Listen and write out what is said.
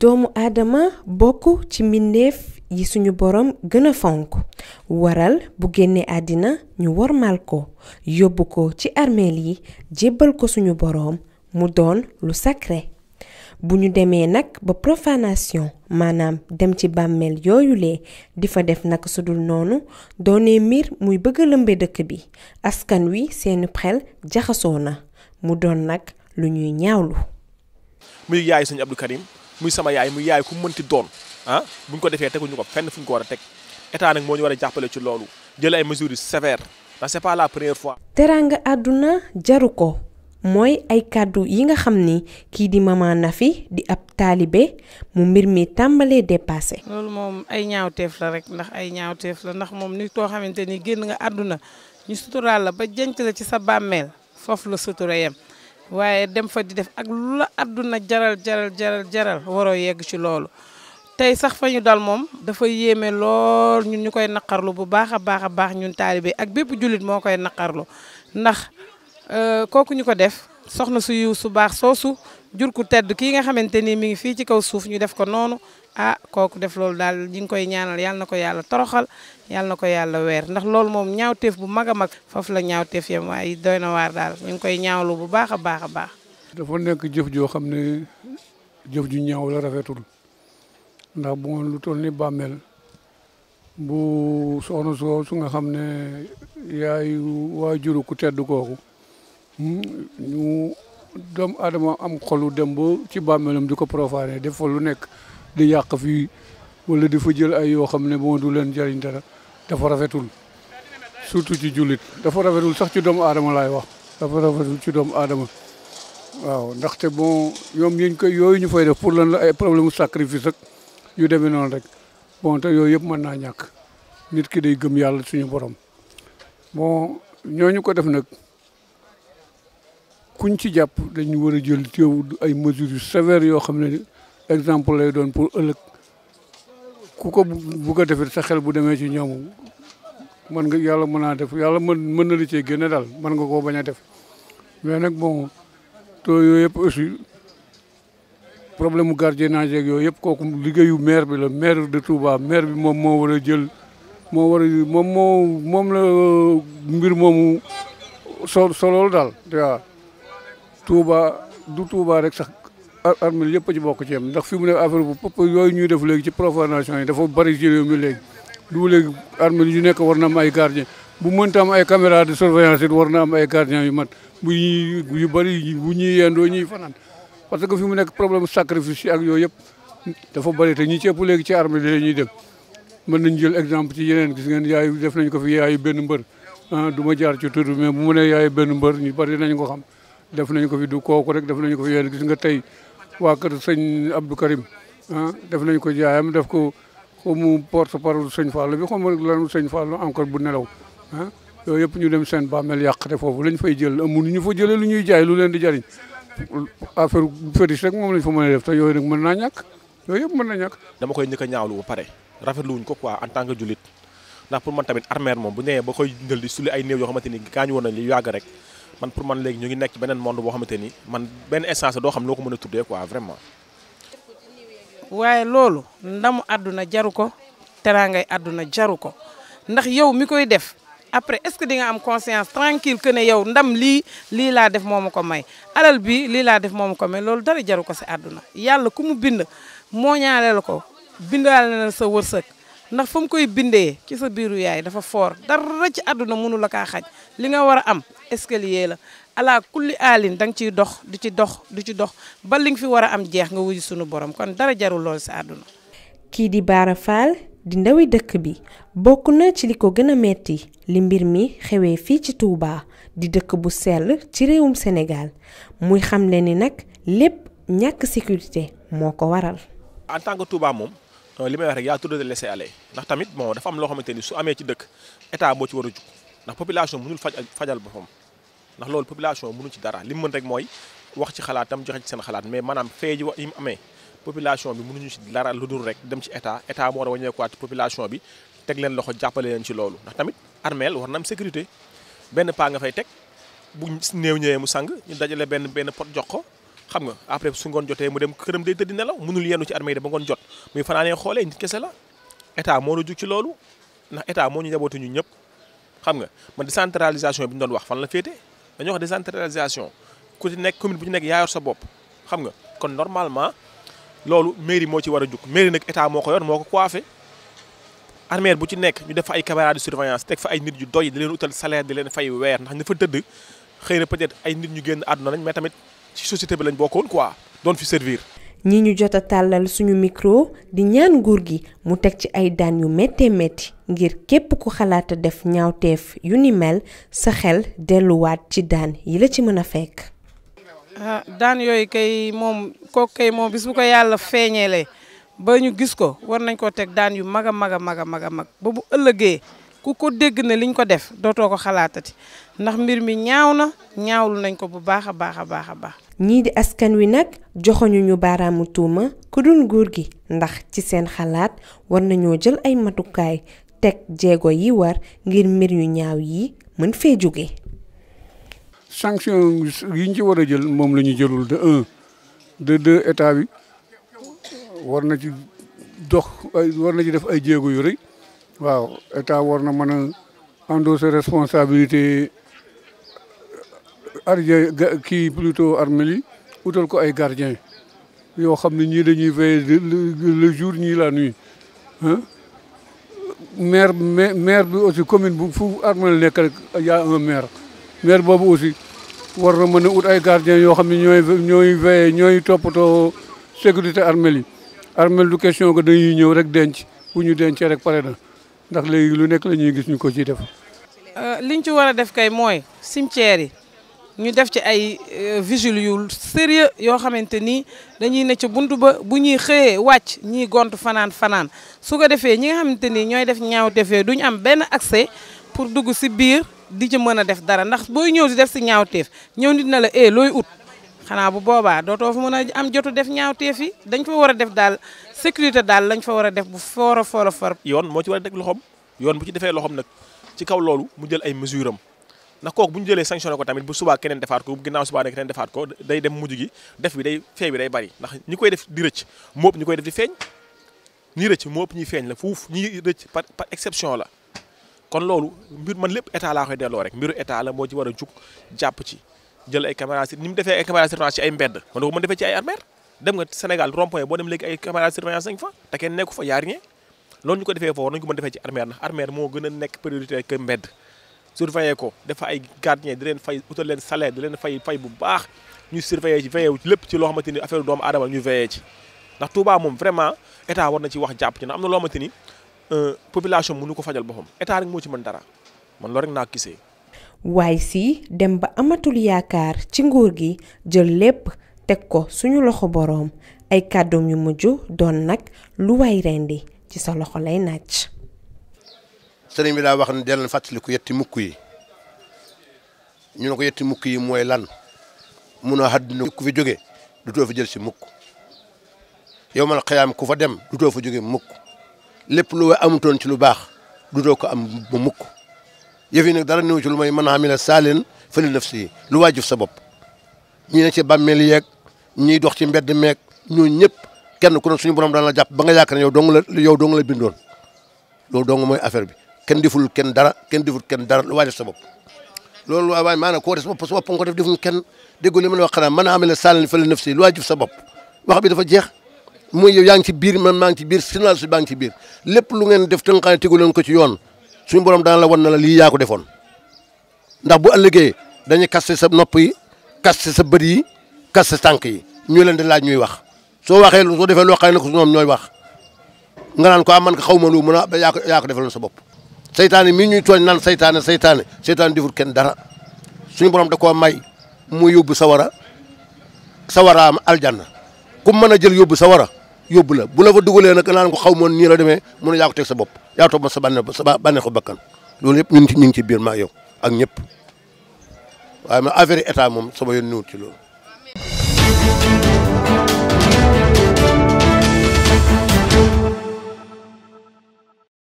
doomu aadama bokk ci mbindeef yi suñu borom gën a fonk waral bu génne àddina ñu wormal ko yóbbu ko ci armeel yi jébbal ko suñu boroom mu doon lu sacré bu ñu demee nag ba profanation maanaam dem ci bàmmeel yooyule di fa def naka sudul noonu doonee mbir muy bëgg lëmbe dëkk bi askan wi seeni xel jaxasoo na mu doon nag lu ñuy ñawlu muy sama yaay muy yaay ku mënti doon ah buñ ñu ko defee teguñu ko fenn fuñ ko wara ték état nak moñu wara jappalé ci lolu jël ay mesures hamni sévères da c'est pas la première fois. aduna jaruko moy ay cadeau yi nga xamni ki di mama Nafi di ab talibé mu mbir mi tambalé dépassé. lolu mom ay ñaawteef la rek ndax ay ñaawteef la ndax mom ni to xamanteni ni nga aduna ñu sutural la ba jënk la ci sa bammel fofu la waaye dem fa di def ak lu àdduna jaral jaral jaral jaral waroo yegg ci loolu tey sax fa ñu dal moom dafa yéeme lool ñun ñu koy naqarlu bu baax a baax a baax ñun taalibe ak bépp jullit moo koy naqarlu ndax euh, kooku ñu ko def soxna su yiw su baax soosu jur ku tedd kii nga xamante ni mi ngi fii ci kaw suuf ñu def ko noonu ah kooku def loolu daal ñi ngi koy ñaanal yàlla na ko yàlla toroxal yàlla na ko yàlla weer ndax loolu moom ñaawteef bu mag a mag foofu la ñaawteef yam waaye doy na waar daal ñu ngi koy ñaawlu bu baax a baax a baax. dafa nekk jëf joo xam ne jëf ju ñaaw rafetul ndax bu ngoon lu toll ni bàmmeel bu soxna soo su nga xam ne yaayu waajuru ku tedd kooku hmm, ñu doomu aadama am xolu dem ba ci bàmmeelam di ko profané def fa lu nekk. di yàq fii wala di fa jël ay yoo xam ne moo du leen jariñ dara dafa rafetul surtout ci jullit dafa rafetul sax ci doomu aadama laay wax dafa rafetul ci doomu aadama waaw ndaxte bon ñoom ñu koy yooyu ñu fay def pour lan la ay problème sacrifice ak yu demee noonu rek bon yooyu yëpp mën naa ñàkk nit ki day gëm yàlla suñu borom bon ñooñu ko def nag kuñ ci jàpp dañu war a jël teew ay mesures yu sévères yoo xam ne exemple lay doon pour ëllëg ku ko bugg a defit sa xel bu demee ci ñoom man nga yàlla mën naa def yàlla mën mën na li cee génne daal man nga koo bañ a def mais nag bon to yooyu yëpp aussi problème gardien gardiennage ak yooyu yëpp kooku liggéeyu maire bi la maire de Touba maire bi moom moo war a jël moo war a moom moo moom la euh, mbir moomu so solool daal waaw Touba du Touba rek sax armée yëpp a ci bokk ci ndax fi mu ne affaire bu pop yooyu ñuy def léegi ci profanation yi dafa bari ci réew mi léegi lu léegi armée yu nekk war na am ay gardien bu mënta am ay caméra de surveillance war na am ay gardien yu mat bu yu bari bu ñuy yendoo ñuy fanaan parce que fi mu nekk problème sacrifice yi ak yooyu yëpp dafa bari te ñi ci ëpp léegi ci armée bi la ñuy dem mën nañ jël exemple ci yeneen gis ngeen yaayu def nañ ko fi yaayu benn mbër ah du ma jaar ci tur mais bu mu ne yaayu benn mbër ñu bari nañ ko xam def nañ ko fi du kooku rek def nañ ko fi yeneen gis nga tey waa kër sëñ Abdou Karim ah def nañ ko jaayam def ko xamu porte parole sëñ Fallou bi xamu lanu sëñ Fallou encore bu nelaw ah yooyu yëpp ñu dem seen bàmmeel yàqate foofu lañ fay jël amuñu ñu fa jëlee lu ñuy jaay lu leen di jariñ affaire fétiche rek moom lañ fa mën a def te yooyu nag mën naa ñàkk yooyu yëpp mën na ñàkk dama koy njëkk a ñaawlu ba pare rafetlu wuñ ko quoi en tant que jullit ndax pour man tamit armère moom bu ñëwee ba koy dindal di suli ay néew yoo xamante ni gaañu woon nañ li yàgg rek man pour man léegi ñu ngi nekk beneen monde boo xamante ni man benn essence doo xam noo ko mën a tuddee quoi vraiment. waaye loolu ndamu àdduna jaru ko teraangay àdduna jaru ko ndax yow mi koy def après est-ce que di nga am conscience tranquille que ne yow ndam lii lii laa def moo ma ko may alal bi lii laa def moom ma ko may loolu dara jaru ko si àdduna yàlla ku mu bind moo ñaale la ko bindaale na sa wërsëg ndax fa mu koy bindee ci sa biiru yaay dafa foor ci àdduna mënu la kaa xaj li nga war a am escalier la ala kulli aalin da nga ciy dox di ci dox du ci dox ba li nga fi war a am jeex nga wuyu sunu borom kon dara jarul lool si àdduna. kii di baara Fall di ndawi dëkk bi bokk na ci li ko gën a metti li mbir mi xewee fii ci tuubaa di dëkk bu sell ci réewum Sénégal muy xamle ni nag lépp ñàkk sécurité moo ko waral. en tant que Touba moom euh, li may wax rek yaa tudd de laisser ndax tamit bon dafa am loo xamante ni su amee ci dëkk état boo ci war a jug ndax population mënul faj fajal boppam. ndax loolu population mënu ci dara li mu mën rek mooy wax ci xalaatam joxe ci seen xalaat mais maanaam fee ji yi mu amee population bi mënuñu ci dara lu dul rek dem ci état état moo war a wàññeekuwaat population bi teg leen loxo jàppale leen ci loolu ndax tamit armeel war na am benn paa nga fay teg bu néew ñëwee mu sang ñu dajale benn benn pot jox ko xam nga après su ngoon jotee mu dem këram day tëdd nelaw mënul yennu ci armée yi ba ngoon jot muy fanaanee xoolee nit kese la état moo la ci loolu ndax état moo ñu njabootu ñu ñëpp xam nga man centralisation bi ñu doon wax fan la féete dañuy wax décentralisation ku ci nek commune bu ci nekk yaa sa bop xam nga kon normalement lolu mairie mo ci wara juk mairie nak état moko yor moko coiffer armée bu ci nek ñu def fa ay caméra de surveillance tek fa ay nit yu doy di leen outal salaire di leen fay weer ndax ñu fa teud xeyna peut-être ay nit ñu génn àdduna lañ mais tamit ci société bi lañ bokkoon quoi doon fi servir ñi ñu jot a tàllal suñu mikro di ñaan nguur gi mu teg ci ay daan yu méttee metti ngir képp ku xalaata def ñaawteef yu ni mel sa xel delluwaat ci daan yi la ci mën a fekk. Ah, daan yooyu kay moom kooku kay moom bis bu ko yàlla feeñeelee ba ñu gis ko war nañ ko teg daan yu mag a mag a mag a mag ba bu ëllëgee ku ko dégg na liñ ko def dootoo ko xalaatati ndax mbir mi ñaaw na ñaawlu nañ ko bu baax a baax a baax a baax. ñii di askan wi nag joxoñu ñu baaraamu tuuma ku dul nguur gi ndax ci seen xalaat war nañoo jël ay matukaay teg jéego yi war ngir mbir yu ñaaw yi mën fee jóge sanction yi ñu ci war a jël moom lañu ñu jëlul de un de deux war na ci dox war na ci def ay jéego yu rëy. waaw état war na mën a endosser responsabilité euh, argent kii plutôt armée li utal ko ay gardien yoo xam ne ñii dañuy veiller le jour ñii laa nuit maire maire bi aussi commune bu fu armée nekk rek y'a maire maire boobu aussi war na mën a ut ay gardien yoo xam ne ñooy ñooy veiller ñooy toppatoo sécurité armée li armée du question que dañuy ñëw rek denc bu ñu dencee rek pare na ndax léegi lu nekk la ñuy gis ñu ko ciy def. Euh, liñ ci war a def kay mooy cimetière yi ñu def ci ay euh, vigile yu sérieux yoo xamante ni dañuy ne ci buntu ba bu ñuy xëyee wàcc ñiy gont fanaan fanaan su ko defee ñi nga xamante ni ñooy def ñaaw defee duñu am benn accès pour dugg si biir di ci mën a def dara ndax booy ñëw di def si ñaawteef ñëw nit na la eh, looy ut. xanaa bu boobaa dootoo fu mën a am jotu def ñaawteef yi dañ fa war a def daal sécurité daal lañ fa war a def bu foor a foora a yoon moo ci war a teg loxoom yoon bu ci defee loxoom nag ci kaw loolu mu jël ay mesure am ndax kook bu ñu jëlee sanctionné ko tamit bu subaa keneen defaat ko bu ginnaaw subaa keneen defaat ko day dem mujj gi def bi day fee bi day bari ndax ñi koy def di rëcc moo ëpp ñi koy def di feeñ ñi rëcc moo ëpp feeñ la fuuf ñi rëcc par par exception la kon loolu mbir man lépp état laa koy delloo rek mbiru état la moo ci war a jug jàpp ci jël ay caméra ni mu defé ay caméra surveillance ci ay mbedd man ko mo defé ci ay armer dem nga Sénégal rond-point bo dem légui ay caméra surveillance 5 fois ta ken nekku fa yar rien loolu ñu ko defé fo war ko mën defé ci armer na armer mo gëna a nekk priorité que mbedd surveiller ko dafa ay gardien di len fay utal len salaire di len fay fay bu baax ñu surveiller ci veiller ci lépp ci lo xamanteni affaire doom adam ñu veiller ci ndax Touba mom vraiment état war na ci wax jàpp ci na amna lo xamanteni euh population mënu ko fajal bopam état rek mo ci mën dara man lo rek na kissé waaye sii dem ba amatul yaakaar ci nguur gi jël lépp teg ko suñu loxo boroom ay kàddoom yu mujj doon nag lu waay rendi ci sa loxo lay naaj. sëriñ bi daa wax ne dellan fàttaliku yetti mukk yi ñu ne ko yetti mukk yi mooy lan mun a àdduna ku fi jóge du fi jël si mukk yow man xayaam ku fa dem du fa jóge mukk lépp lu way amutoon ci lu baax du ko am ba mukk yëf yi nag dara néew ci lu may mën a amila saaleen fële nafsi yi lu waay jëf sa bopp ñi ne ci bàmmeel yeeg ñiy dox ci mbedd meeg ñooñu ñëpp kenn ku ne suñu borom daan la jàpp ba nga yaakaar ne yow dong la yow dong la bindoon loolu dong mooy affaire bi kenn deful kenn dara ken deful kenn dara lu waay def sa bopp loolu waaye maanaam koo def sa bopp def defuñu kenn déggoo li ma la wax xanaa mën a amila saaleen fële nafsi yi lu waay jëf sa bopp wax bi dafa jeex muy yow yaa ci biir man maa ngi ci biir journaliste bi maa ngi ci biir lépp lu ngeen def te nga xam ne ko ci yoon suñ borom daan la wan na la lii yaa defoon ndax bu ëllëgee dañuy kaste sa nopp yi kaste sa bët yi kaste tànk yi ñu leen di laaj ñuy wax soo waxee soo defee loo xam ne ko su ñooy wax nga naan ko ah, man xaw ma lu mën a ah, yaa ko yaa sa bopp seytaane mii ñuy tooñ naan seytaane seytaane seytaane deful kenn dara suñu borom da koo may mu yóbbu sawara sawaraam aljana ku mën a jël yóbbu sawara yóbbu la bu la fa dugalee nag naan ko xaw moon nii a demee mun a yaa teg sa bopp yaa topp ma sa bànne sa bànne ko bakkan loolu yëpp ñun ci ñu ngi ci biir maa yow ak ñëpp waaye ma affaire état moom sama yoon ñëwut ci loolu